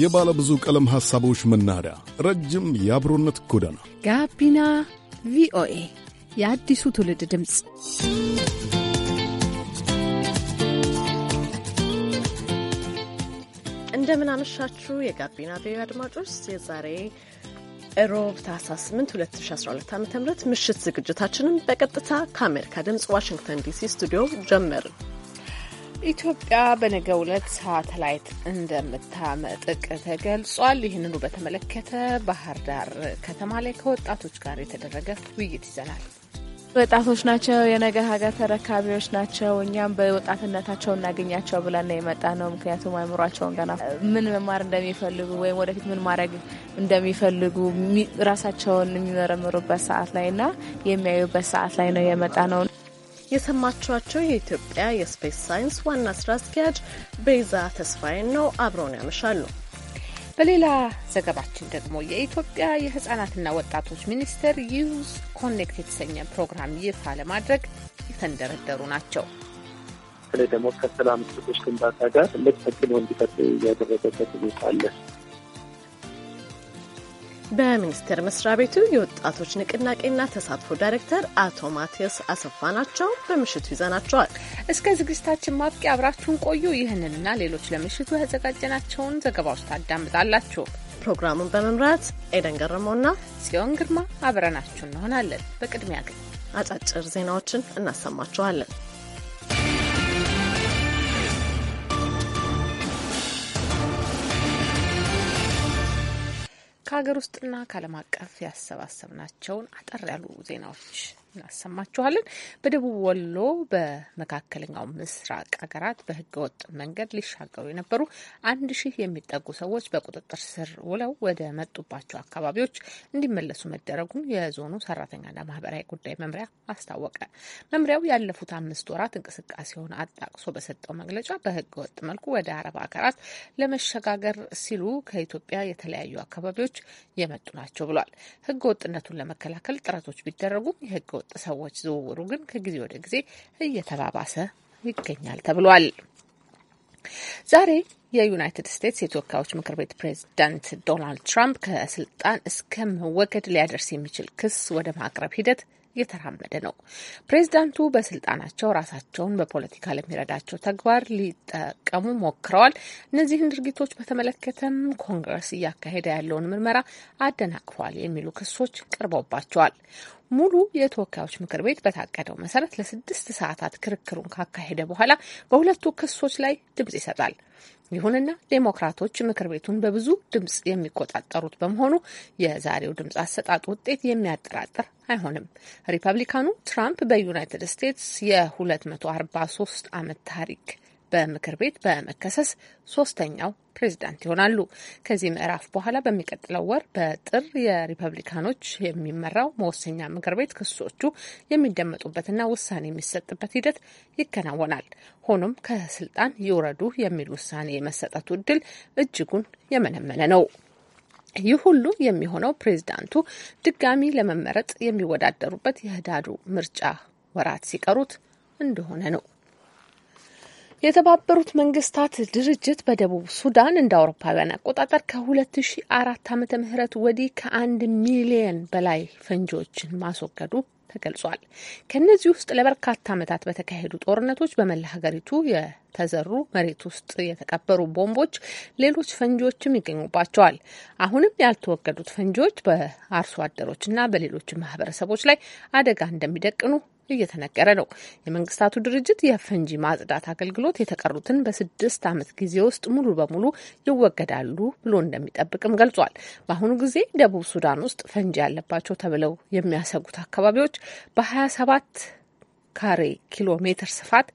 የባለ ብዙ ቀለም ሐሳቦች መናኸሪያ፣ ረጅም የአብሮነት ጎዳና ጋቢና ቪኦኤ የአዲሱ ትውልድ ድምፅ። እንደምናመሻችሁ የጋቢና ቪኦኤ አድማጮች የዛሬ ሮብ ታህሳስ 8 2012 ዓ ም ምሽት ዝግጅታችንን በቀጥታ ከአሜሪካ ድምፅ ዋሽንግተን ዲሲ ስቱዲዮ ጀመርን። ኢትዮጵያ በነገ ዕለት ሳተላይት እንደምታመጥቅ ተገልጿል። ይህንኑ በተመለከተ ባህር ዳር ከተማ ላይ ከወጣቶች ጋር የተደረገ ውይይት ይዘናል። ወጣቶች ናቸው የነገ ሀገር ተረካቢዎች ናቸው። እኛም በወጣትነታቸው እናገኛቸው ብለን የመጣ ነው። ምክንያቱም አይምሯቸውን ገና ምን መማር እንደሚፈልጉ ወይም ወደፊት ምን ማድረግ እንደሚፈልጉ ራሳቸውን የሚመረምሩበት ሰዓት ላይ እና የሚያዩበት ሰዓት ላይ ነው የመጣ ነው። የሰማችኋቸው የኢትዮጵያ የስፔስ ሳይንስ ዋና ስራ አስኪያጅ ቤዛ ተስፋዬን ነው። አብረውን ያመሻሉ። በሌላ ዘገባችን ደግሞ የኢትዮጵያ የህጻናትና ወጣቶች ሚኒስቴር ዩዝ ኮኔክት የተሰኘ ፕሮግራም ይፋ ለማድረግ የተንደረደሩ ናቸው። በተለይ ደግሞ ከሰላም ግንባታ ጋር ልክ ተክሎ እያደረገበት ሁኔታ አለ። በሚኒስቴር መስሪያ ቤቱ የወጣቶች ንቅናቄና ተሳትፎ ዳይሬክተር አቶ ማቴዎስ አሰፋ ናቸው። በምሽቱ ይዘናቸዋል። እስከ ዝግጅታችን ማብቂያ አብራችሁን ቆዩ። ይህንንና ሌሎች ለምሽቱ ያዘጋጀናቸውን ዘገባዎች ታዳምጣላችሁ። ፕሮግራሙን በመምራት ኤደን ገረመውና ጽዮን ግርማ አብረናችሁ እንሆናለን። በቅድሚያ ግን አጫጭር ዜናዎችን እናሰማችኋለን። ከሀገር ውስጥና ከዓለም አቀፍ ያሰባሰብናቸውን አጠር ያሉ ዜናዎች እናሰማችኋለን። በደቡብ ወሎ በመካከለኛው ምስራቅ ሀገራት በህገወጥ መንገድ ሊሻገሩ የነበሩ አንድ ሺህ የሚጠጉ ሰዎች በቁጥጥር ስር ውለው ወደ መጡባቸው አካባቢዎች እንዲመለሱ መደረጉን የዞኑ ሰራተኛና ማህበራዊ ጉዳይ መምሪያ አስታወቀ። መምሪያው ያለፉት አምስት ወራት እንቅስቃሴውን አጣቅሶ በሰጠው መግለጫ በህገወጥ መልኩ ወደ አረብ ሀገራት ለመሸጋገር ሲሉ ከኢትዮጵያ የተለያዩ አካባቢዎች የመጡ ናቸው ብሏል። ህገወጥነቱን ለመከላከል ጥረቶች ቢደረጉም የህገ ህገወጥ ሰዎች ዝውውሩ ግን ከጊዜ ወደ ጊዜ እየተባባሰ ይገኛል ተብሏል። ዛሬ የዩናይትድ ስቴትስ የተወካዮች ምክር ቤት ፕሬዚዳንት ዶናልድ ትራምፕ ከስልጣን እስከ መወገድ ሊያደርስ የሚችል ክስ ወደ ማቅረብ ሂደት እየተራመደ ነው። ፕሬዚዳንቱ በስልጣናቸው ራሳቸውን በፖለቲካ ለሚረዳቸው ተግባር ሊጠቀሙ ሞክረዋል። እነዚህን ድርጊቶች በተመለከተም ኮንግረስ እያካሄደ ያለውን ምርመራ አደናቅፏል የሚሉ ክሶች ቀርበውባቸዋል። ሙሉ የተወካዮች ምክር ቤት በታቀደው መሰረት ለስድስት ሰዓታት ክርክሩን ካካሄደ በኋላ በሁለቱ ክሶች ላይ ድምጽ ይሰጣል። ይሁንና ዴሞክራቶች ምክር ቤቱን በብዙ ድምጽ የሚቆጣጠሩት በመሆኑ የዛሬው ድምጽ አሰጣጥ ውጤት የሚያጠራጥር አይሆንም። ሪፐብሊካኑ ትራምፕ በዩናይትድ ስቴትስ የ243 ዓመት ታሪክ በምክር ቤት በመከሰስ ሶስተኛው ፕሬዚዳንት ይሆናሉ። ከዚህ ምዕራፍ በኋላ በሚቀጥለው ወር በጥር የሪፐብሊካኖች የሚመራው መወሰኛ ምክር ቤት ክሶቹ የሚደመጡበትና ውሳኔ የሚሰጥበት ሂደት ይከናወናል። ሆኖም ከስልጣን ይውረዱ የሚል ውሳኔ የመሰጠቱ እድል እጅጉን የመነመነ ነው። ይህ ሁሉ የሚሆነው ፕሬዚዳንቱ ድጋሚ ለመመረጥ የሚወዳደሩበት የህዳሩ ምርጫ ወራት ሲቀሩት እንደሆነ ነው። የተባበሩት መንግስታት ድርጅት በደቡብ ሱዳን እንደ አውሮፓውያን አቆጣጠር ከ2004 ዓመተ ምህረት ወዲህ ከአንድ ሚሊየን በላይ ፈንጂዎችን ማስወገዱ ተገልጿል። ከእነዚህ ውስጥ ለበርካታ ዓመታት በተካሄዱ ጦርነቶች በመላ ሀገሪቱ የተዘሩ መሬት ውስጥ የተቀበሩ ቦምቦች፣ ሌሎች ፈንጂዎችም ይገኙባቸዋል። አሁንም ያልተወገዱት ፈንጂዎች በአርሶ አደሮችና በሌሎች ማህበረሰቦች ላይ አደጋ እንደሚደቅኑ እየተነገረ ነው። የመንግስታቱ ድርጅት የፈንጂ ማጽዳት አገልግሎት የተቀሩትን በስድስት ዓመት ጊዜ ውስጥ ሙሉ በሙሉ ይወገዳሉ ብሎ እንደሚጠብቅም ገልጿል። በአሁኑ ጊዜ ደቡብ ሱዳን ውስጥ ፈንጂ ያለባቸው ተብለው የሚያሰጉት አካባቢዎች በ27 ካሬ ኪሎ ሜትር ስፋት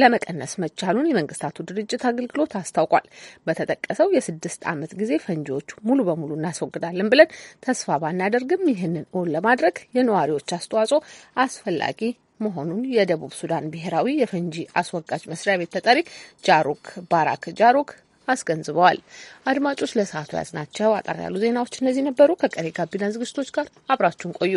ለመቀነስ መቻሉን የመንግስታቱ ድርጅት አገልግሎት አስታውቋል። በተጠቀሰው የስድስት ዓመት ጊዜ ፈንጂዎቹ ሙሉ በሙሉ እናስወግዳለን ብለን ተስፋ ባናደርግም ይህንን እውን ለማድረግ የነዋሪዎች አስተዋጽኦ አስፈላጊ መሆኑን የደቡብ ሱዳን ብሔራዊ የፈንጂ አስወጋጅ መስሪያ ቤት ተጠሪ ጃሩክ ባራክ ጃሩክ አስገንዝበዋል። አድማጮች ለሰዓቱ ያዝናቸው አጠር ያሉ ዜናዎች እነዚህ ነበሩ። ከቀሪ ጋቢና ዝግጅቶች ጋር አብራችሁን ቆዩ።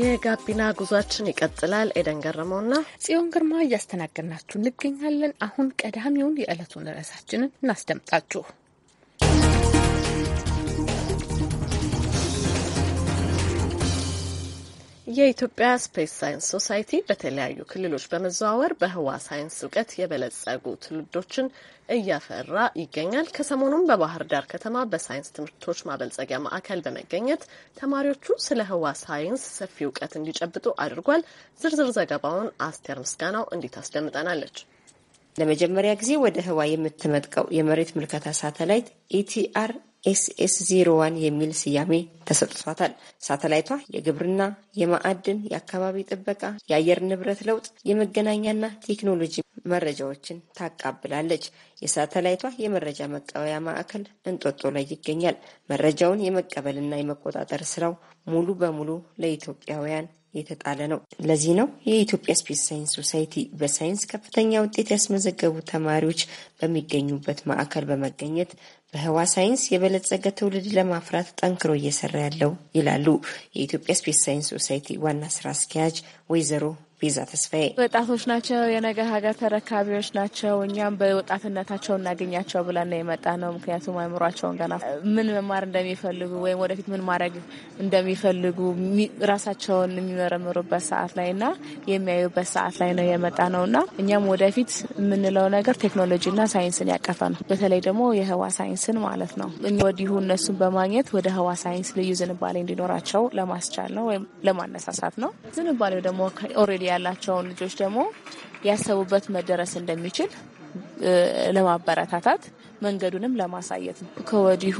የጋቢና ጉዟችን ይቀጥላል። ኤደን ገረመውና ጽዮን ግርማ እያስተናገድናችሁ እንገኛለን። አሁን ቀዳሚውን የዕለቱን ርዕሳችንን እናስደምጣችሁ። የኢትዮጵያ ስፔስ ሳይንስ ሶሳይቲ በተለያዩ ክልሎች በመዘዋወር በህዋ ሳይንስ እውቀት የበለጸጉ ትውልዶችን እያፈራ ይገኛል። ከሰሞኑም በባህር ዳር ከተማ በሳይንስ ትምህርቶች ማበልጸጊያ ማዕከል በመገኘት ተማሪዎቹ ስለ ህዋ ሳይንስ ሰፊ እውቀት እንዲጨብጡ አድርጓል። ዝርዝር ዘገባውን አስቴር ምስጋናው እንዲት አስደምጠናለች። ለመጀመሪያ ጊዜ ወደ ህዋ የምትመጥቀው የመሬት ምልከታ ሳተላይት ኢቲአር ኤስኤስ ዜሮ ዋን የሚል ስያሜ ተሰጥቷታል። ሳተላይቷ የግብርና፣ የማዕድን፣ የአካባቢ ጥበቃ፣ የአየር ንብረት ለውጥ፣ የመገናኛና ቴክኖሎጂ መረጃዎችን ታቃብላለች። የሳተላይቷ የመረጃ መቀበያ ማዕከል እንጦጦ ላይ ይገኛል። መረጃውን የመቀበልና የመቆጣጠር ስራው ሙሉ በሙሉ ለኢትዮጵያውያን የተጣለ ነው። ለዚህ ነው የኢትዮጵያ ስፔስ ሳይንስ ሶሳይቲ በሳይንስ ከፍተኛ ውጤት ያስመዘገቡ ተማሪዎች በሚገኙበት ማዕከል በመገኘት በህዋ ሳይንስ የበለጸገ ትውልድ ለማፍራት ጠንክሮ እየሰራ ያለው ይላሉ የኢትዮጵያ ስፔስ ሳይንስ ሶሳይቲ ዋና ስራ አስኪያጅ ወይዘሮ ቤዛ ተስፋዬ ወጣቶች ናቸው፣ የነገ ሀገር ተረካቢዎች ናቸው። እኛም በወጣትነታቸው እናገኛቸው ብለን የመጣ ነው። ምክንያቱም አይምሯቸውን ገና ምን መማር እንደሚፈልጉ ወይም ወደፊት ምን ማድረግ እንደሚፈልጉ ራሳቸውን የሚመረምሩበት ሰዓት ላይ እና የሚያዩበት ሰዓት ላይ ነው የመጣ ነው እና እኛም ወደፊት የምንለው ነገር ቴክኖሎጂና ሳይንስን ያቀፈ ነው። በተለይ ደግሞ የህዋ ሳይንስን ማለት ነው። ወዲሁ እነሱን በማግኘት ወደ ህዋ ሳይንስ ልዩ ዝንባሌ እንዲኖራቸው ለማስቻል ነው ወይም ለማነሳሳት ነው። ዝንባሌው ደግሞ ኦልሬዲ ያላቸውን ልጆች ደግሞ ያሰቡበት መደረስ እንደሚችል ለማበረታታት መንገዱንም ለማሳየት ነው። ከወዲሁ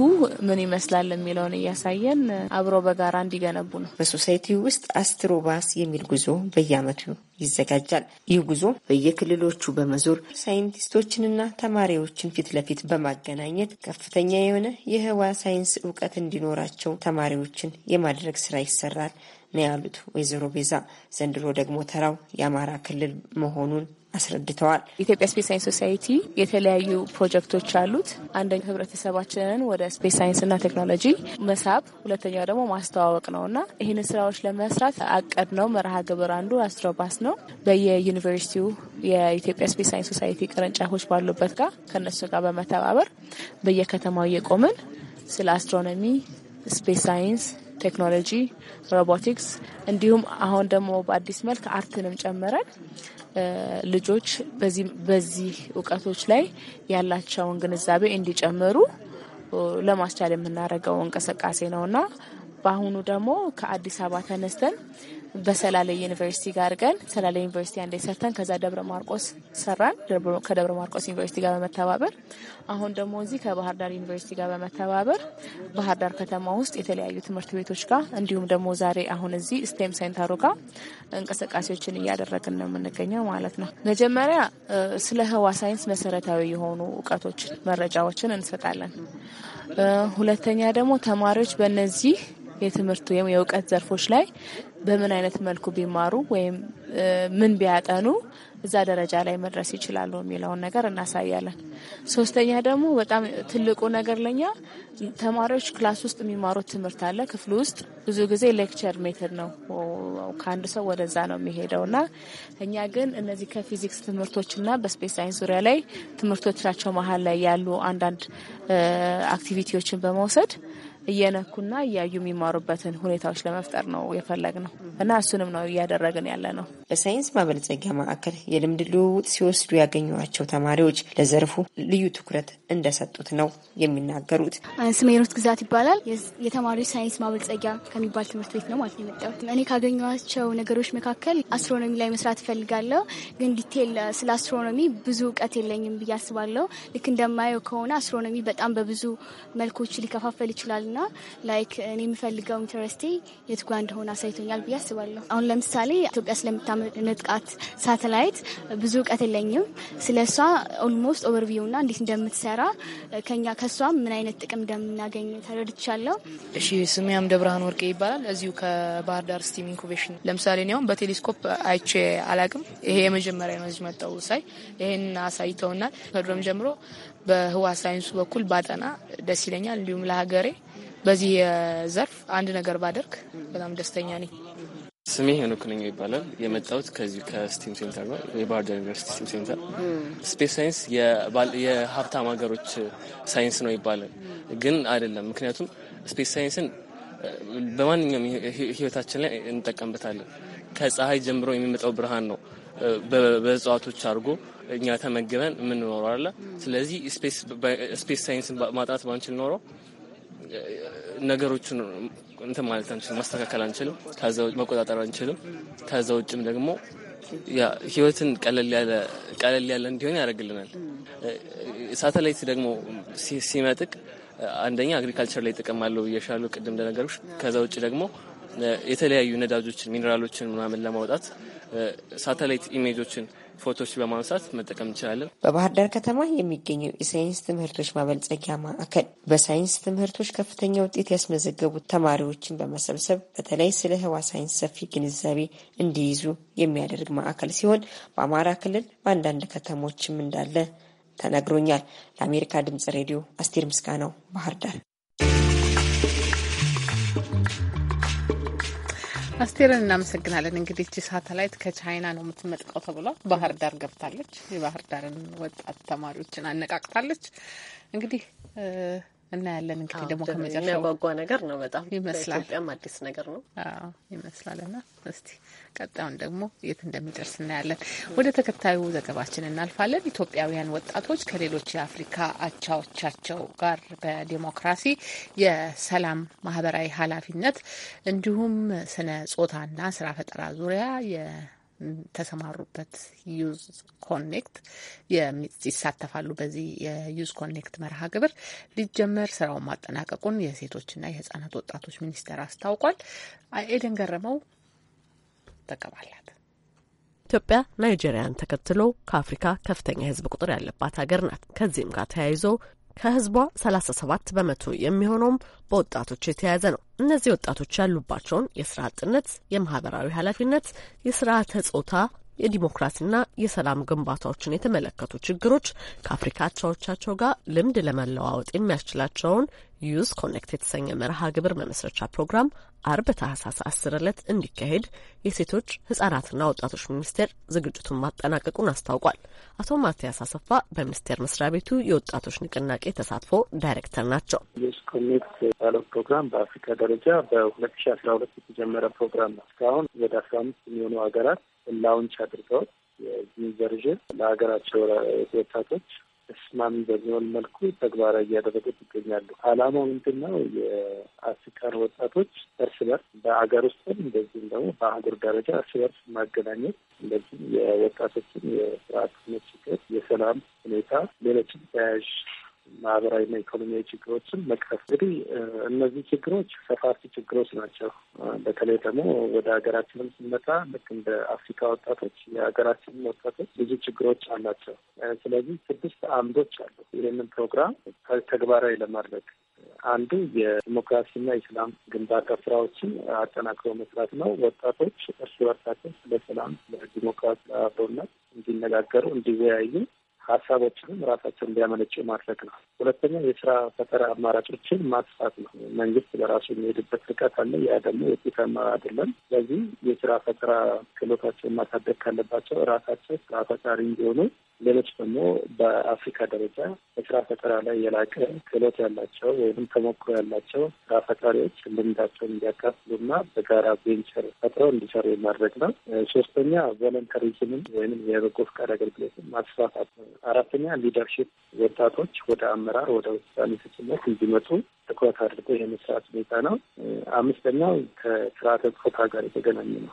ምን ይመስላል የሚለውን እያሳየን አብሮ በጋራ እንዲገነቡ ነው። በሶሳይቲ ውስጥ አስትሮባስ የሚል ጉዞ በየአመቱ ይዘጋጃል። ይህ ጉዞ በየክልሎቹ በመዞር ሳይንቲስቶችንና ተማሪዎችን ፊት ለፊት በማገናኘት ከፍተኛ የሆነ የህዋ ሳይንስ እውቀት እንዲኖራቸው ተማሪዎችን የማድረግ ስራ ይሰራል ነው ያሉት ወይዘሮ ቤዛ። ዘንድሮ ደግሞ ተራው የአማራ ክልል መሆኑን አስረድተዋል። ኢትዮጵያ ስፔስ ሳይንስ ሶሳይቲ የተለያዩ ፕሮጀክቶች አሉት። አንደኛው ህብረተሰባችንን ወደ ስፔስ ሳይንስና ቴክኖሎጂ መሳብ፣ ሁለተኛው ደግሞ ማስተዋወቅ ነው እና ይህንን ስራዎች ለመስራት አቀድ ነው መርሃ ግብር አንዱ አስትሮባስ ነው። በየዩኒቨርሲቲው የኢትዮጵያ ስፔስ ሳይንስ ሶሳይቲ ቅርንጫፎች ባሉበት ጋር ከነሱ ጋር በመተባበር በየከተማው እየቆምን ስለ አስትሮኖሚ ስፔስ ሳይንስ ቴክኖሎጂ፣ ሮቦቲክስ እንዲሁም አሁን ደግሞ በአዲስ መልክ አርትንም ጨምረን ልጆች በዚህ እውቀቶች ላይ ያላቸውን ግንዛቤ እንዲጨምሩ ለማስቻል የምናደርገው እንቅስቃሴ ነውና በአሁኑ ደግሞ ከአዲስ አበባ ተነስተን በሰላሌ ዩኒቨርሲቲ ጋር ገን ሰላሌ ዩኒቨርሲቲ አንዴ ሰርተን ከዛ ደብረ ማርቆስ ሰራን። ከደብረ ማርቆስ ዩኒቨርሲቲ ጋር በመተባበር አሁን ደግሞ እዚህ ከባህር ዳር ዩኒቨርሲቲ ጋር በመተባበር ባህር ዳር ከተማ ውስጥ የተለያዩ ትምህርት ቤቶች ጋር እንዲሁም ደግሞ ዛሬ አሁን እዚህ ስቴም ሴንተሩ ጋር እንቅስቃሴዎችን እያደረግን ነው የምንገኘው ማለት ነው። መጀመሪያ ስለ ህዋ ሳይንስ መሰረታዊ የሆኑ እውቀቶችን መረጃዎችን እንሰጣለን። ሁለተኛ ደግሞ ተማሪዎች በነዚህ የትምህርት ወይም የእውቀት ዘርፎች ላይ በምን አይነት መልኩ ቢማሩ ወይም ምን ቢያጠኑ እዛ ደረጃ ላይ መድረስ ይችላሉ የሚለውን ነገር እናሳያለን። ሶስተኛ ደግሞ በጣም ትልቁ ነገር ለኛ ተማሪዎች ክላስ ውስጥ የሚማሩት ትምህርት አለ። ክፍል ውስጥ ብዙ ጊዜ ሌክቸር ሜተድ ነው፣ ከአንድ ሰው ወደዛ ነው የሚሄደው እና እኛ ግን እነዚህ ከፊዚክስ ትምህርቶችና በስፔስ ሳይንስ ዙሪያ ላይ ትምህርቶቻቸው መሀል ላይ ያሉ አንዳንድ አክቲቪቲዎችን በመውሰድ እየነኩና እያዩ የሚማሩበትን ሁኔታዎች ለመፍጠር ነው የፈለግ ነው እና እሱንም ነው እያደረግን ያለ ነው። በሳይንስ ማበልጸጊያ ማዕከል የልምድ ልውውጥ ሲወስዱ ያገኟቸው ተማሪዎች ለዘርፉ ልዩ ትኩረት እንደሰጡት ነው የሚናገሩት። ስሜሮት ግዛት ይባላል። የተማሪዎች ሳይንስ ማበልጸጊያ ከሚባል ትምህርት ቤት ነው ማለት ነው የመጣሁት። እኔ ካገኟቸው ነገሮች መካከል አስትሮኖሚ ላይ መስራት እፈልጋለሁ፣ ግን ዲቴል ስለ አስትሮኖሚ ብዙ እውቀት የለኝም ብዬ አስባለሁ። ልክ እንደማየው ከሆነ አስትሮኖሚ በጣም በብዙ መልኮች ሊከፋፈል ይችላል እና ላይክ እኔ የምፈልገው ኢንተረስቴ የትጓ እንደሆነ አሳይቶኛል ብዬ አስባለሁ። አሁን ለምሳሌ ኢትዮጵያ ስለምታመጥቃት ሳተላይት ብዙ እውቀት የለኝም። ስለ እሷ ኦልሞስት ኦቨርቪው እና እንዴት እንደምትሰራ ከኛ ከእሷም ምን አይነት ጥቅም እንደምናገኝ ተረድቻለሁ። እሺ፣ ስሜ ደብርሃን ወርቄ ይባላል። እዚሁ ከባህር ዳር ስቲም ኢንኩቤሽን። ለምሳሌ እኔ አሁን በቴሌስኮፕ አይቼ አላቅም። ይሄ የመጀመሪያ ነው መጣው ሳይ ይሄን አሳይተውናል። ከድሮም ጀምሮ በህዋ ሳይንሱ በኩል ባጠና ደስ ይለኛል። እንዲሁም ለሀገሬ በዚህ ዘርፍ አንድ ነገር ባደርግ በጣም ደስተኛ ነኝ። ስሜ ሄኖክ ነኝ ይባላል። የመጣሁት ከዚህ ከስቲም ሴንተር ነው፣ የባህር ዳር ዩኒቨርሲቲ ስቲም ሴንተር። ስፔስ ሳይንስ የሀብታም ሀገሮች ሳይንስ ነው ይባላል፣ ግን አይደለም። ምክንያቱም ስፔስ ሳይንስን በማንኛውም ህይወታችን ላይ እንጠቀምበታለን። ከፀሐይ ጀምሮ የሚመጣው ብርሃን ነው በእጽዋቶች አድርጎ እኛ ተመግበን የምንኖረው አለ። ስለዚህ ስፔስ ሳይንስን ማጥናት ባንችል ኖረው ነገሮችን እንትን ማለት አንችልም፣ ማስተካከል አንችልም፣ መቆጣጠር አንችልም። ከዛ ውጭም ደግሞ ህይወትን ቀለል ያለ እንዲሆን ያደርግልናል። ሳተላይት ደግሞ ሲመጥቅ አንደኛ አግሪካልቸር ላይ ጥቅም አለው እየሻሉ ቅድም እንደነገርኩሽ። ከዛ ውጭ ደግሞ የተለያዩ ነዳጆችን፣ ሚኔራሎችን ምናምን ለማውጣት ሳተላይት ኢሜጆችን ፎቶች በማንሳት መጠቀም እንችላለን። በባህር ዳር ከተማ የሚገኘው የሳይንስ ትምህርቶች ማበልጸጊያ ማዕከል በሳይንስ ትምህርቶች ከፍተኛ ውጤት ያስመዘገቡ ተማሪዎችን በመሰብሰብ በተለይ ስለ ህዋ ሳይንስ ሰፊ ግንዛቤ እንዲይዙ የሚያደርግ ማዕከል ሲሆን በአማራ ክልል በአንዳንድ ከተሞችም እንዳለ ተነግሮኛል። ለአሜሪካ ድምጽ ሬዲዮ አስቴር ምስጋናው ባህር ዳር። አስቴርን እናመሰግናለን። እንግዲህ እቺ ሳተላይት ከቻይና ነው የምትመጥቀው ተብሏል። ባህር ዳር ገብታለች። የባህር ዳርን ወጣት ተማሪዎችን አነቃቅታለች። እንግዲህ እናያለን። እንግዲህ ደግሞ ከመጨረሻ የሚያጓጓ ነገር ነው በጣም ይመስላል። ኢትዮጵያም አዲስ ነገር ነው ይመስላል ና እስቲ ቀጣዩን ደግሞ የት እንደሚደርስ እናያለን። ወደ ተከታዩ ዘገባችን እናልፋለን። ኢትዮጵያውያን ወጣቶች ከሌሎች የአፍሪካ አቻዎቻቸው ጋር በዲሞክራሲ የሰላም ማህበራዊ ኃላፊነት እንዲሁም ስነ ጾታና ስራ ፈጠራ ዙሪያ ተሰማሩበት ዩዝ ኮኔክት ይሳተፋሉ። በዚህ የዩዝ ኮኔክት መርሃ ግብር ሊጀመር ስራውን ማጠናቀቁን የሴቶችና የህጻናት ወጣቶች ሚኒስቴር አስታውቋል። ኤደን ገረመው ተቀባላት። ኢትዮጵያ ናይጄሪያን ተከትሎ ከአፍሪካ ከፍተኛ የህዝብ ቁጥር ያለባት ሀገር ናት። ከዚህም ጋር ተያይዞ ከህዝቧ 37 በመቶ የሚሆነውም በወጣቶች የተያዘ ነው። እነዚህ ወጣቶች ያሉባቸውን የስራ አጥነት፣ የማህበራዊ ኃላፊነት፣ የስርዓተ ጾታ የዲሞክራሲና የሰላም ግንባታዎችን የተመለከቱ ችግሮች ከአፍሪካ አቻዎቻቸው ጋር ልምድ ለመለዋወጥ የሚያስችላቸውን ዩዝ ኮኔክት የተሰኘ መርሃ ግብር መመስረቻ ፕሮግራም አርብ ታህሳስ አስር ዕለት እንዲካሄድ የሴቶች ህጻናትና ወጣቶች ሚኒስቴር ዝግጅቱን ማጠናቀቁን አስታውቋል። አቶ ማትያስ አሰፋ በሚኒስቴር መስሪያ ቤቱ የወጣቶች ንቅናቄ ተሳትፎ ዳይሬክተር ናቸው። ዩዝ ኮኔክት ባለው ፕሮግራም በአፍሪካ ደረጃ በሁለት ሺ አስራ ሁለት የተጀመረ ፕሮግራም ነው። እስካሁን ወደ አስራ አምስት የሚሆኑ ሀገራት ላውንች አድርገው የዚህ ቨርዥን ለሀገራቸው ወጣቶች ተስማሚ በሚሆን መልኩ ተግባራዊ እያደረጉት ይገኛሉ። አላማው ምንድን ነው? የአፍሪካን ወጣቶች እርስ በርስ በአገር ውስጥም እንደዚህም ደግሞ በአህጉር ደረጃ እርስ በርስ ማገናኘት፣ እንደዚህም የወጣቶችን የስርአት ችግር፣ የሰላም ሁኔታ፣ ሌሎችም ተያያዥ ማህበራዊና ኢኮኖሚያዊ ችግሮችን መቅረፍ። እንግዲህ እነዚህ ችግሮች ሰፋፊ ችግሮች ናቸው። በተለይ ደግሞ ወደ ሀገራችንም ስንመጣ ልክ እንደ አፍሪካ ወጣቶች የሀገራችንም ወጣቶች ብዙ ችግሮች አላቸው። ስለዚህ ስድስት አምዶች አሉ ይህንን ፕሮግራም ተግባራዊ ለማድረግ አንዱ የዲሞክራሲና የሰላም ግንባታ ስራዎችን አጠናክሮ መስራት ነው። ወጣቶች እርስ በርሳቸው ስለ ሰላም፣ ስለ ዲሞክራሲ አብሮነት እንዲነጋገሩ እንዲወያዩ ሀሳቦችንም ራሳቸው እንዲያመነጩ ማድረግ ነው። ሁለተኛው የስራ ፈጠራ አማራጮችን ማስፋት ነው። መንግስት በራሱ የሚሄድበት ርቀት አለ። ያ ደግሞ ውጤታማ አይደለም። ስለዚህ የስራ ፈጠራ ክህሎታቸውን ማሳደግ ካለባቸው ራሳቸው ስራ ፈጣሪ እንዲሆኑ ሌሎች ደግሞ በአፍሪካ ደረጃ በስራ ፈጠራ ላይ የላቀ ክህሎት ያላቸው ወይም ተሞክሮ ያላቸው ስራ ፈጣሪዎች ልምዳቸውን እንዲያካፍሉና በጋራ ቬንቸር ፈጥረው እንዲሰሩ የማድረግ ነው። ሶስተኛ ቮለንተሪዝምን ወይም የበጎ ፍቃድ አገልግሎትን ማስፋፋት ነው። አራተኛ ሊደርሽፕ ወጣቶች ወደ አመራር፣ ወደ ውሳኔ ሰጭነት እንዲመጡ ትኩረት አድርጎ የመስራት ሁኔታ ነው። አምስተኛው ከስርዓተ ፆታ ጋር የተገናኘ ነው።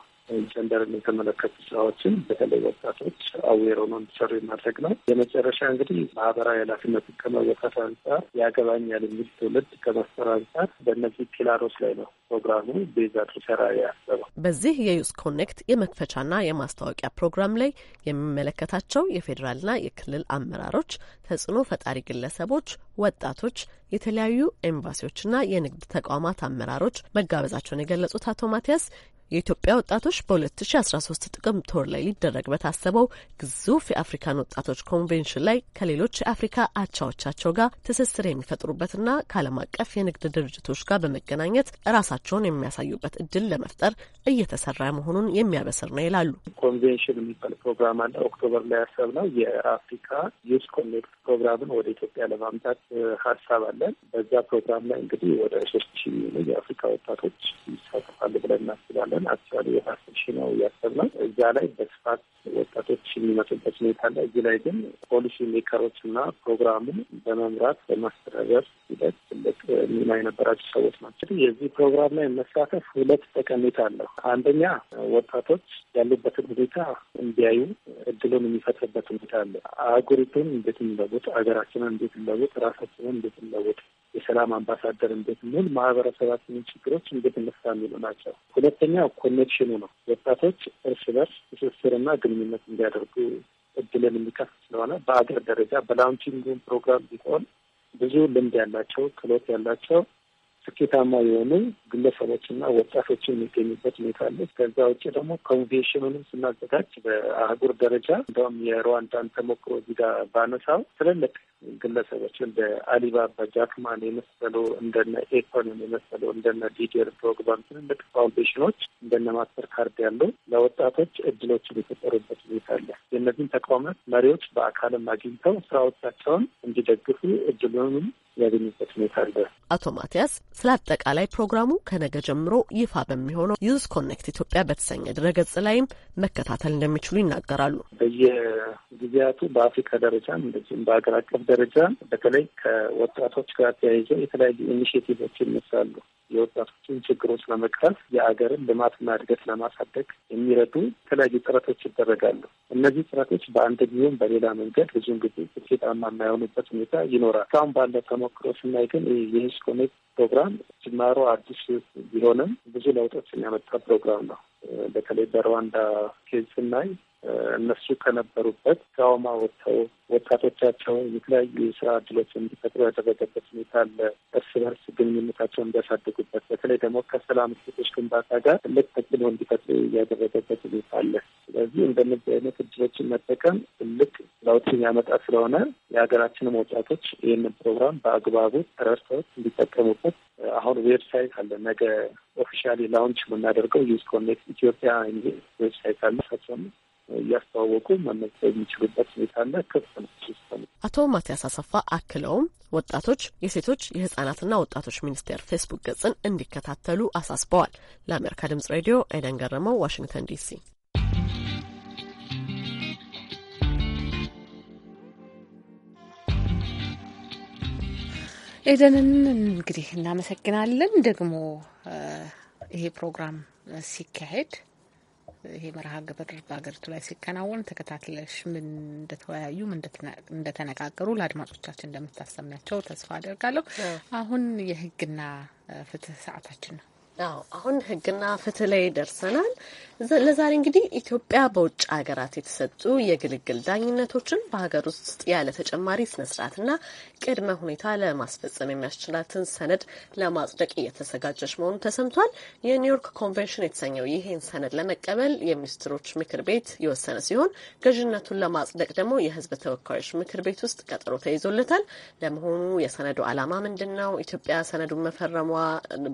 ጀንደርን የተመለከቱ ስራዎችን በተለይ ወጣቶች አዌር ሆነው እንዲሰሩ የማድረግ ነው። የመጨረሻ እንግዲህ ማህበራዊ ኃላፊነት ከመወጣት አንጻር ያገባኛል የሚል ትውልድ ከመፍጠር አንጻር በእነዚህ ፒላሮች ላይ ነው ፕሮግራሙ ቤዛ ሰራ ያሰበው። በዚህ የዩስ ኮኔክት የመክፈቻና የማስታወቂያ ፕሮግራም ላይ የሚመለከታቸው የፌዴራልና የክልል አመራሮች፣ ተጽዕኖ ፈጣሪ ግለሰቦች፣ ወጣቶች፣ የተለያዩ ኤምባሲዎችና የንግድ ተቋማት አመራሮች መጋበዛቸውን የገለጹት አቶ ማቲያስ የኢትዮጵያ ወጣቶች በ2013 ጥቅምት ወር ላይ ሊደረግ በታሰበው ግዙፍ የአፍሪካን ወጣቶች ኮንቬንሽን ላይ ከሌሎች የአፍሪካ አቻዎቻቸው ጋር ትስስር የሚፈጥሩበትና ከዓለም አቀፍ የንግድ ድርጅቶች ጋር በመገናኘት ራሳቸውን የሚያሳዩበት እድል ለመፍጠር እየተሰራ መሆኑን የሚያበስር ነው ይላሉ። ኮንቬንሽን የሚባል ፕሮግራም አለ። ኦክቶበር ላይ ያሰብነው የአፍሪካ ዩስ ኮኔክት ፕሮግራምን ወደ ኢትዮጵያ ለማምጣት ሀሳብ አለን። በዛ ፕሮግራም ላይ እንግዲህ ወደ ሶስት ሺህ የአፍሪካ ወጣቶች ይሳተፋሉ ብለን እናስባለን። ብለን አክቹዋሊ የራሱ ሺ ነው እያሰብነው እዛ ላይ በስፋት ወጣቶች የሚመጡበት ሁኔታ አለ። እዚህ ላይ ግን ፖሊሲ ሜከሮች እና ፕሮግራሙን በመምራት በማስተዳደር ሂደት ትልቅ ሚና የነበራቸው ሰዎች ናቸው። የዚህ ፕሮግራም ላይ መሳተፍ ሁለት ጠቀሜታ አለው። አንደኛ ወጣቶች ያሉበትን ሁኔታ እንዲያዩ እድሉን የሚፈጥርበት ሁኔታ አለ። አህጉሪቱን እንዴት እንለውጥ፣ ሀገራችንን እንዴት እንለውጥ፣ ራሳችንን እንዴት እንለውጥ የሰላም አምባሳደር እንዴት መሆን ማህበረሰባችንን ችግሮች እንዴት እንፍታ የሚሉ ናቸው። ሁለተኛው ኮኔክሽኑ ነው። ወጣቶች እርስ በርስ ትስስርና ግንኙነት እንዲያደርጉ እድልን የሚከፍት ስለሆነ በአገር ደረጃ በላውንቺንግ ፕሮግራም ቢሆን ብዙ ልምድ ያላቸው ክሎት ያላቸው ስኬታማ የሆኑ ግለሰቦችና ወጣቶች የሚገኙበት ሁኔታ አለ። ከዛ ውጭ ደግሞ ኮንቬንሽኑንም ስናዘጋጅ በአህጉር ደረጃ እንደውም የሩዋንዳን ተሞክሮ እዚህ ጋር ባነሳው ትልልቅ ግለሰቦች እንደ አሊባባ ጃክማን የመሰሉ እንደነ ኤኮኖን የመሰሉ እንደነ ዲዲር ፕሮግራም ትልልቅ ፋውንዴሽኖች እንደነ ማስተር ካርድ ያሉ ለወጣቶች እድሎች የሚፈጠሩበት ሁኔታ አለ። የእነዚህም ተቋማት መሪዎች በአካልም አግኝተው ስራዎቻቸውን እንዲደግፉ እድሉንም ያገኙበት ሁኔታ አለ። አቶ ማቲያስ ስለ አጠቃላይ ፕሮግራሙ ከነገ ጀምሮ ይፋ በሚሆነው ዩዝ ኮኔክት ኢትዮጵያ በተሰኘ ድረገጽ ላይም መከታተል እንደሚችሉ ይናገራሉ። በየጊዜያቱ በአፍሪካ ደረጃ እንደዚሁም በሀገር አቀፍ ደረጃ በተለይ ከወጣቶች ጋር ተያይዞ የተለያዩ ኢኒሽቲቮች ይነሳሉ። የወጣቶችን ችግሮች ለመቅረፍ የአገርን ልማትና እድገት ለማሳደግ የሚረዱ የተለያዩ ጥረቶች ይደረጋሉ። እነዚህ ጥረቶች በአንድ ጊዜም በሌላ መንገድ ብዙውን ጊዜ ስኬታማ የማይሆኑበት ሁኔታ ይኖራል። እስካሁን ባለ ተሞ ተሞክሮ ስናይ ግን የህዝብ ፕሮግራም ጅማሮ አዲስ ቢሆንም ብዙ ለውጦች የሚያመጣ ፕሮግራም ነው። በተለይ በሩዋንዳ ኬዝ ስናይ እነሱ ከነበሩበት ትራውማ ወጥተው ወጣቶቻቸው የተለያዩ የስራ እድሎች እንዲፈጥሩ ያደረገበት ሁኔታ አለ። እርስ በርስ ግንኙነታቸው እንዲያሳድጉበት፣ በተለይ ደግሞ ከሰላም ሴቶች ግንባታ ጋር ትልቅ ተጽዕኖ እንዲፈጥሩ እያደረገበት ሁኔታ አለ። ስለዚህ እንደነዚህ አይነት እድሎችን መጠቀም ትልቅ ለውጥ ያመጣ ስለሆነ የሀገራችንም ወጣቶች ይህንን ፕሮግራም በአግባቡ ተረድተው እንዲጠቀሙበት አሁን ዌብሳይት አለ። ነገ ኦፊሻሊ ላውንች የምናደርገው ዩዝ ኮኔክት ኢትዮጵያ ዌብሳይት አለ። እያስተዋወቁ መመዝገብ የሚችሉበት ሁኔታ አለ። ክፍት ነው ሲስተሙ። አቶ ማቲያስ አሰፋ አክለውም ወጣቶች የሴቶች የህጻናትና ወጣቶች ሚኒስቴር ፌስቡክ ገጽን እንዲከታተሉ አሳስበዋል። ለአሜሪካ ድምጽ ሬዲዮ ኤደን ገረመው፣ ዋሽንግተን ዲሲ። ኤደንን እንግዲህ እናመሰግናለን። ደግሞ ይሄ ፕሮግራም ሲካሄድ ይሄ መርሃ ግብር በሀገሪቱ ላይ ሲከናወን ተከታትለሽ ምን እንደተወያዩ እንደተነጋገሩ ለአድማጮቻችን እንደምታሰሚያቸው ተስፋ አደርጋለሁ። አሁን የህግና ፍትህ ሰዓታችን ነው። አሁን ህግና ፍትህ ላይ ደርሰናል። ለዛሬ እንግዲህ ኢትዮጵያ በውጭ ሀገራት የተሰጡ የግልግል ዳኝነቶችን በሀገር ውስጥ ያለ ተጨማሪ ስነስርዓትና ቅድመ ሁኔታ ለማስፈጸም የሚያስችላትን ሰነድ ለማጽደቅ እየተዘጋጀች መሆኑ ተሰምቷል። የኒውዮርክ ኮንቬንሽን የተሰኘው ይህን ሰነድ ለመቀበል የሚኒስትሮች ምክር ቤት የወሰነ ሲሆን ገዥነቱን ለማጽደቅ ደግሞ የህዝብ ተወካዮች ምክር ቤት ውስጥ ቀጠሮ ተይዞለታል። ለመሆኑ የሰነዱ ዓላማ ምንድን ነው? ኢትዮጵያ ሰነዱን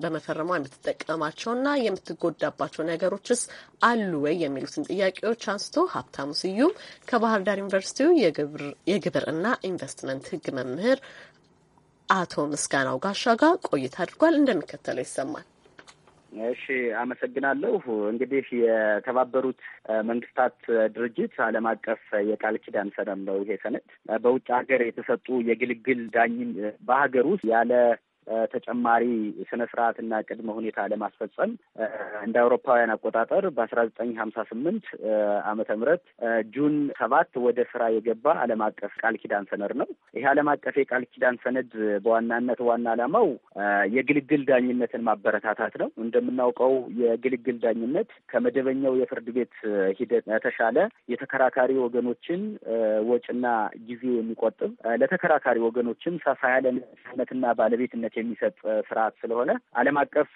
በመፈረሟ የምትጠቀማቸውና የምትጎዳባቸው ነገሮችስ አሉ ወይ የሚሉትን ጥያቄዎች አንስቶ ሀብታሙ ስዩም ከባህር ዳር ዩኒቨርሲቲው የግብርና ኢንቨስትመንት ህግ መምህር አቶ ምስጋናው ጋሻ ጋር ቆይታ አድርጓል። እንደሚከተለው ይሰማል። እሺ፣ አመሰግናለሁ። እንግዲህ የተባበሩት መንግስታት ድርጅት ዓለም አቀፍ የቃል ኪዳን ሰነድ ነው። ይሄ ሰነድ በውጭ ሀገር የተሰጡ የግልግል ዳኝ በሀገር ውስጥ ያለ ተጨማሪ ስነ ስርዓትና ቅድመ ሁኔታ ለማስፈጸም እንደ አውሮፓውያን አቆጣጠር በአስራ ዘጠኝ ሀምሳ ስምንት አመተ ምህረት ጁን ሰባት ወደ ስራ የገባ ዓለም አቀፍ ቃል ኪዳን ሰነድ ነው። ይህ ዓለም አቀፍ የቃል ኪዳን ሰነድ በዋናነት ዋና ዓላማው የግልግል ዳኝነትን ማበረታታት ነው። እንደምናውቀው የግልግል ዳኝነት ከመደበኛው የፍርድ ቤት ሂደት ተሻለ የተከራካሪ ወገኖችን ወጪና ጊዜ የሚቆጥብ ለተከራካሪ ወገኖችም ሰፋ ያለ ነፃነትና ባለቤትነት የሚሰጥ ስርዓት ስለሆነ ዓለም አቀፍ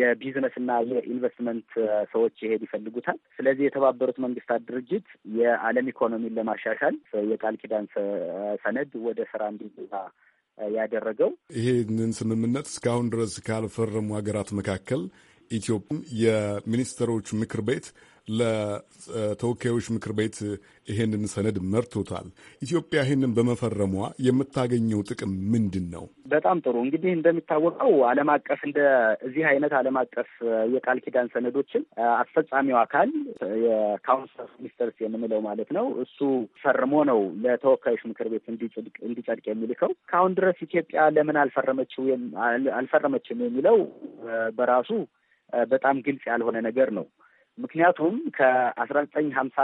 የቢዝነስና የኢንቨስትመንት ሰዎች ይሄድ ይፈልጉታል። ስለዚህ የተባበሩት መንግስታት ድርጅት የዓለም ኢኮኖሚን ለማሻሻል የቃል ኪዳን ሰነድ ወደ ስራ እንዲገባ ያደረገው ይህንን ስምምነት እስካሁን ድረስ ካልፈረሙ ሀገራት መካከል ኢትዮጵያም የሚኒስትሮች ምክር ቤት ለተወካዮች ምክር ቤት ይሄንን ሰነድ መርቶታል። ኢትዮጵያ ይህንን በመፈረሟ የምታገኘው ጥቅም ምንድን ነው? በጣም ጥሩ። እንግዲህ እንደሚታወቀው ዓለም አቀፍ እንደ እዚህ አይነት ዓለም አቀፍ የቃል ኪዳን ሰነዶችን አስፈጻሚው አካል የካውንስል ኦፍ ሚኒስተርስ የምንለው ማለት ነው እሱ ፈርሞ ነው ለተወካዮች ምክር ቤት እንዲጸድቅ የሚልከው። ከአሁን ድረስ ኢትዮጵያ ለምን አልፈረመችም የሚለው በራሱ በጣም ግልጽ ያልሆነ ነገር ነው። ምክንያቱም ከአስራ ዘጠኝ ሀምሳ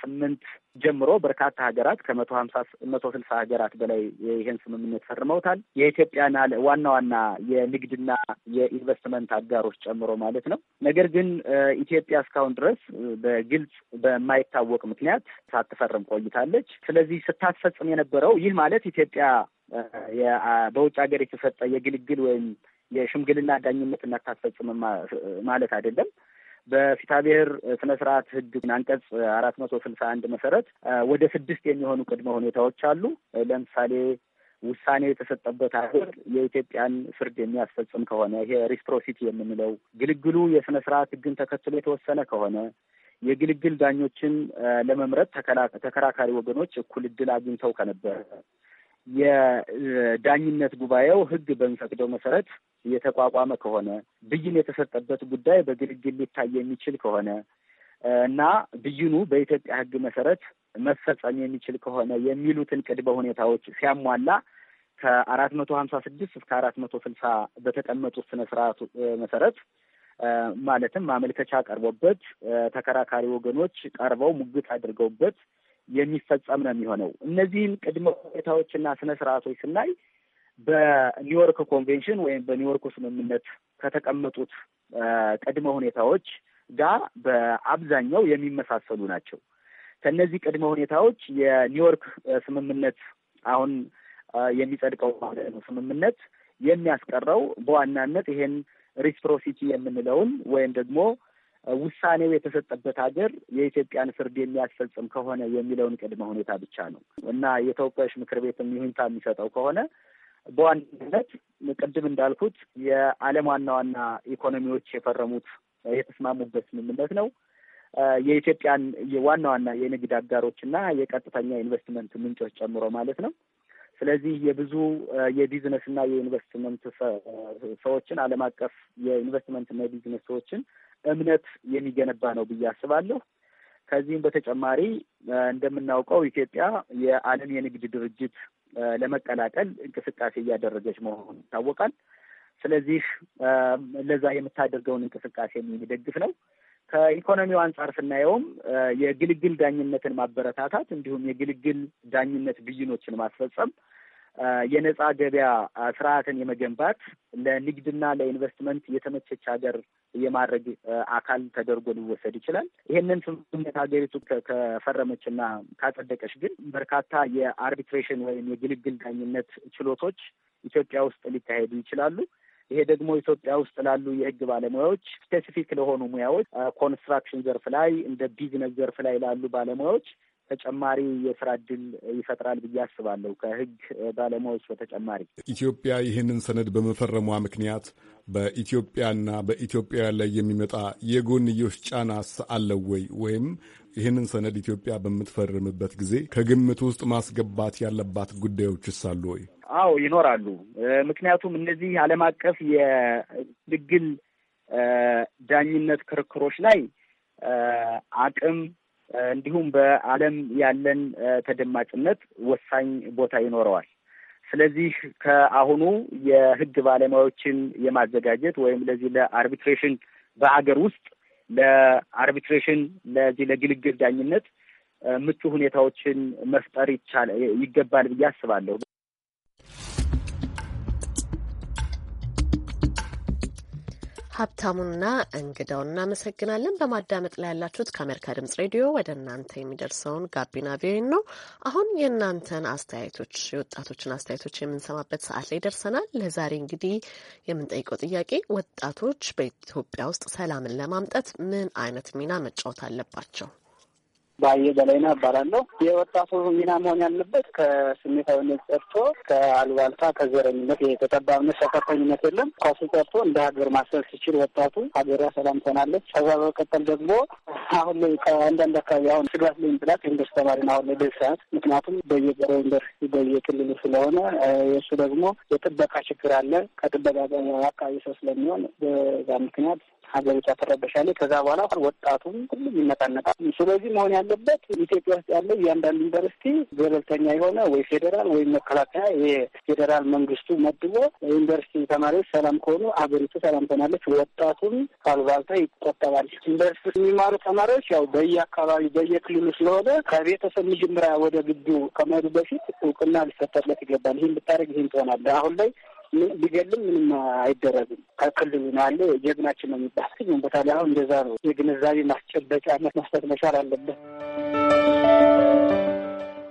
ስምንት ጀምሮ በርካታ ሀገራት ከመቶ ሀምሳ መቶ ስልሳ ሀገራት በላይ ይህን ስምምነት ፈርመውታል። የኢትዮጵያን ዋና ዋና የንግድና የኢንቨስትመንት አጋሮች ጨምሮ ማለት ነው። ነገር ግን ኢትዮጵያ እስካሁን ድረስ በግልጽ በማይታወቅ ምክንያት ሳትፈርም ቆይታለች። ስለዚህ ስታስፈጽም የነበረው ይህ ማለት ኢትዮጵያ በውጭ ሀገር የተሰጠ የግልግል ወይም የሽምግልና ዳኝነት እናታስፈጽም ማለት አይደለም። በፊታብሔር ስነ ስርዓት ህግ አንቀጽ አራት መቶ ስልሳ አንድ መሰረት ወደ ስድስት የሚሆኑ ቅድመ ሁኔታዎች አሉ። ለምሳሌ ውሳኔ የተሰጠበት አገር የኢትዮጵያን ፍርድ የሚያስፈጽም ከሆነ ይሄ ሪስፕሮሲቲ የምንለው ግልግሉ የስነ ስርዓት ህግን ተከትሎ የተወሰነ ከሆነ የግልግል ዳኞችን ለመምረጥ ተከራካሪ ወገኖች እኩል እድል አግኝተው ከነበረ የዳኝነት ጉባኤው ህግ በሚፈቅደው መሰረት የተቋቋመ ከሆነ ብይን የተሰጠበት ጉዳይ በግልግል ሊታይ የሚችል ከሆነ እና ብይኑ በኢትዮጵያ ህግ መሰረት መፈጸም የሚችል ከሆነ የሚሉትን ቅድመ ሁኔታዎች ሲያሟላ ከአራት መቶ ሀምሳ ስድስት እስከ አራት መቶ ስልሳ በተቀመጡት ስነ ስርዓቱ መሰረት ማለትም ማመልከቻ ቀርቦበት ተከራካሪ ወገኖች ቀርበው ሙግት አድርገውበት የሚፈጸም ነው የሚሆነው። እነዚህን ቅድመ ሁኔታዎችና ስነ ስርዓቶች ስናይ በኒውዮርክ ኮንቬንሽን ወይም በኒውዮርክ ስምምነት ከተቀመጡት ቅድመ ሁኔታዎች ጋር በአብዛኛው የሚመሳሰሉ ናቸው። ከእነዚህ ቅድመ ሁኔታዎች የኒውዮርክ ስምምነት አሁን የሚጸድቀው ማለት ነው ስምምነት የሚያስቀረው በዋናነት ይሄን ሪስፕሮሲቲ የምንለውን ወይም ደግሞ ውሳኔው የተሰጠበት ሀገር የኢትዮጵያን ፍርድ የሚያስፈጽም ከሆነ የሚለውን ቅድመ ሁኔታ ብቻ ነው እና የተወካዮች ምክር ቤትም ይሁንታ የሚሰጠው ከሆነ በዋናነት ቅድም እንዳልኩት የዓለም ዋና ዋና ኢኮኖሚዎች የፈረሙት የተስማሙበት ስምምነት ነው። የኢትዮጵያን ዋና ዋና የንግድ አጋሮች እና የቀጥተኛ ኢንቨስትመንት ምንጮች ጨምሮ ማለት ነው። ስለዚህ የብዙ የቢዝነስ እና የኢንቨስትመንት ሰዎችን ዓለም አቀፍ የኢንቨስትመንት እና የቢዝነስ ሰዎችን እምነት የሚገነባ ነው ብዬ አስባለሁ። ከዚህም በተጨማሪ እንደምናውቀው ኢትዮጵያ የዓለም የንግድ ድርጅት ለመቀላቀል እንቅስቃሴ እያደረገች መሆኑ ይታወቃል። ስለዚህ ለዛ የምታደርገውን እንቅስቃሴ የሚደግፍ ነው። ከኢኮኖሚው አንጻር ስናየውም የግልግል ዳኝነትን ማበረታታት እንዲሁም የግልግል ዳኝነት ብይኖችን ማስፈጸም የነጻ ገበያ ስርዓትን የመገንባት ለንግድና ለኢንቨስትመንት የተመቸች ሀገር የማድረግ አካል ተደርጎ ሊወሰድ ይችላል። ይህንን ስምምነት ሀገሪቱ ከፈረመችና ካጸደቀች ግን በርካታ የአርቢትሬሽን ወይም የግልግል ዳኝነት ችሎቶች ኢትዮጵያ ውስጥ ሊካሄዱ ይችላሉ። ይሄ ደግሞ ኢትዮጵያ ውስጥ ላሉ የህግ ባለሙያዎች ስፔሲፊክ ለሆኑ ሙያዎች ኮንስትራክሽን ዘርፍ ላይ እንደ ቢዝነስ ዘርፍ ላይ ላሉ ባለሙያዎች ተጨማሪ የስራ እድል ይፈጥራል ብዬ አስባለሁ። ከህግ ባለሙያዎች በተጨማሪ ኢትዮጵያ ይህንን ሰነድ በመፈረሟ ምክንያት በኢትዮጵያና በኢትዮጵያውያን ላይ የሚመጣ የጎንዮሽ ጫናስ አለው ወይ? ወይም ይህንን ሰነድ ኢትዮጵያ በምትፈርምበት ጊዜ ከግምት ውስጥ ማስገባት ያለባት ጉዳዮችስ አሉ ወይ? አዎ ይኖራሉ። ምክንያቱም እነዚህ ዓለም አቀፍ የድግል ዳኝነት ክርክሮች ላይ አቅም እንዲሁም በዓለም ያለን ተደማጭነት ወሳኝ ቦታ ይኖረዋል። ስለዚህ ከአሁኑ የህግ ባለሙያዎችን የማዘጋጀት ወይም ለዚህ ለአርቢትሬሽን በአገር ውስጥ ለአርቢትሬሽን ለዚህ ለግልግል ዳኝነት ምቹ ሁኔታዎችን መፍጠር ይቻል ይገባል ብዬ አስባለሁ። ሀብታሙና እንግዳውን እናመሰግናለን። በማዳመጥ ላይ ያላችሁት ከአሜሪካ ድምጽ ሬዲዮ ወደ እናንተ የሚደርሰውን ጋቢና ቪኦኤ ነው። አሁን የእናንተን አስተያየቶች የወጣቶችን አስተያየቶች የምንሰማበት ሰዓት ላይ ደርሰናል። ለዛሬ እንግዲህ የምንጠይቀው ጥያቄ ወጣቶች በኢትዮጵያ ውስጥ ሰላምን ለማምጣት ምን አይነት ሚና መጫወት አለባቸው? ባየ በላይና እባላለሁ። የወጣቱ ሚና መሆን ያለበት ከስሜታዊነት ጠርቶ ከአልባልታ ከዘረኝነት የተጠባብነት፣ ተከፋኝነት የለም ኳሱ ጠርቶ እንደ ሀገር ማሰብ ሲችል ወጣቱ ሀገሯ ሰላም ትሆናለች። ከዛ በቀጠል ደግሞ አሁን ላይ ከአንዳንድ አካባቢ አሁን ስጋት ላይ ምትላት ዩኒቨርስ ተማሪ ነው አሁን ላይ በዚህ ምክንያቱም በየቀረ ዩኒቨርሲቲ በየክልሉ ስለሆነ የእሱ ደግሞ የጥበቃ ችግር አለ ከጥበቃ አካባቢ ሰው ስለሚሆን በዛ ምክንያት ሀገሪቷ ትረበሻለች። ከዛ በኋላ ወጣቱም ሁሉም ይነቃነቃል። ስለዚህ መሆን ያለበት ኢትዮጵያ ውስጥ ያለው እያንዳንድ ዩኒቨርሲቲ ገለልተኛ የሆነ ወይ ፌዴራል ወይም መከላከያ የፌዴራል መንግስቱ መድቦ ዩኒቨርሲቲ ተማሪዎች ሰላም ከሆኑ ሀገሪቱ ሰላም ትሆናለች። ወጣቱን ካልባልታ ይቆጠባል። ዩኒቨርሲቲ የሚማሩ ተማሪዎች ያው በየአካባቢ በየክልሉ ስለሆነ ከቤተሰብ መጀመሪያ ወደ ግቢው ከመሄዱ በፊት እውቅና ሊሰጠለት ይገባል። ይህን ብታደርግ ይህን ትሆናለህ። አሁን ላይ ቢገልም ምንም አይደረግም። ከክልሉ ነው ያለ ጀግናችን ነው የሚባል ግን ቦታ ላይ አሁን እንደዛ ነው። የግንዛቤ ማስጨበጫ መስጠት መቻል አለበት።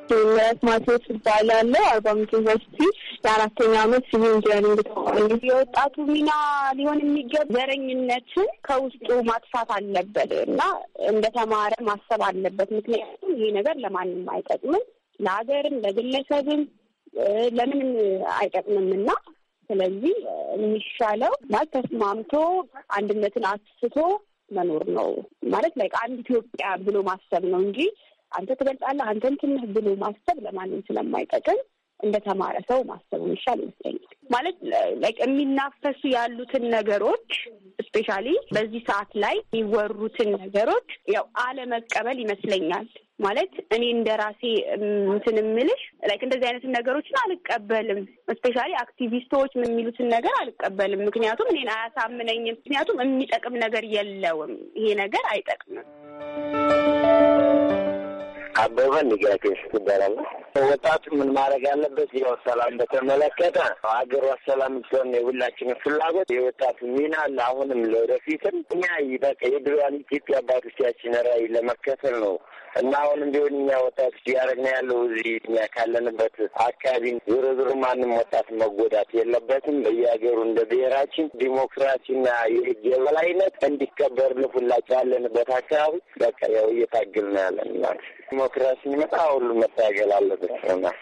ምክንያት ማቴዎስ እባላለሁ። አርባ ምንጭ ዩኒቨርሲቲ የአራተኛ ዓመት ሲቪል ኢንጂነሪንግ ተማሪ። የወጣቱ ሚና ሊሆን የሚገባ ዘረኝነትን ከውስጡ ማጥፋት አለበት እና እንደተማረ ማሰብ አለበት። ምክንያቱም ይህ ነገር ለማንም አይጠቅምም፣ ለሀገርም፣ ለግለሰብም ለምንም አይጠቅምም እና ስለዚህ የሚሻለው ማለት ተስማምቶ አንድነትን አስስቶ መኖር ነው ማለት ላይ አንድ ኢትዮጵያ ብሎ ማሰብ ነው እንጂ አንተ ትበልጣለህ አንተ እንትን ብሎ ማሰብ ለማንም ስለማይጠቅም እንደ ተማረ ሰው ማሰብ ይሻል ይመስለኛል። ማለት የሚናፈሱ ያሉትን ነገሮች ስፔሻሊ በዚህ ሰዓት ላይ የሚወሩትን ነገሮች ያው አለመቀበል ይመስለኛል ማለት እኔ እንደ ራሴ እንትን የምልሽ ላይክ እንደዚህ አይነት ነገሮችን አልቀበልም። እስፔሻሊ አክቲቪስቶች የሚሉትን ነገር አልቀበልም። ምክንያቱም እኔን አያሳምነኝም። ምክንያቱም የሚጠቅም ነገር የለውም። ይሄ ነገር አይጠቅምም። አበበ ንጋቴሽ ትባላለህ። ወጣቱ ምን ማድረግ ያለበት ያው ሰላም በተመለከተ ሀገሯ ሰላም ሲሆን የሁላችንም ፍላጎት የወጣቱ ሚና አለ። አሁንም ለወደፊትም እኛ በቃ የድሮዋን ኢትዮጵያ አባቶቻችን ራዕይ ለመከተል ነው እና አሁንም ቢሆን እኛ ወጣቶች እያደረግን ያለው እዚህ እኛ ካለንበት አካባቢ ዞሮ ዞሮ ማንም ወጣት መጎዳት የለበትም። በየሀገሩ እንደ ብሔራችን ዲሞክራሲና የህግ የበላይነት እንዲከበር ሁላችን ያለንበት አካባቢ በቃ ያው እየታገልን ነው ያለን ማለት ዲሞክራሲ ይመጣ ሁሉም መታገል አለበት ሆናል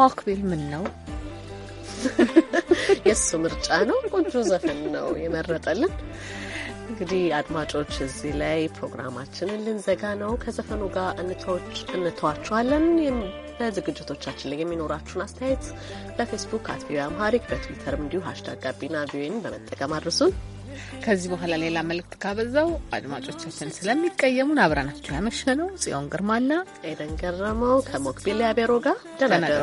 ማክቤል ምን ነው የእሱ ምርጫ ነው። ቆንጆ ዘፈን ነው የመረጠልን። እንግዲህ አድማጮች እዚህ ላይ ፕሮግራማችንን ልንዘጋ ነው። ከዘፈኑ ጋር እንተዋችኋለን። በዝግጅቶቻችን ላይ የሚኖራችሁን አስተያየት በፌስቡክ አት ቪኦኤ አምሃሪክ በትዊተርም እንዲሁ ሀሽታግ ጋቢና ቪኦኤን በመጠቀም አድርሱን። ከዚህ በኋላ ሌላ መልእክት ካበዛው አድማጮቻችን ስለሚቀየሙን አብረናቸው ያመሸ ነው ጽዮን ግርማና ኤደን ገረመው ከሞክቢል ያቤሮ ጋር ደናደሩ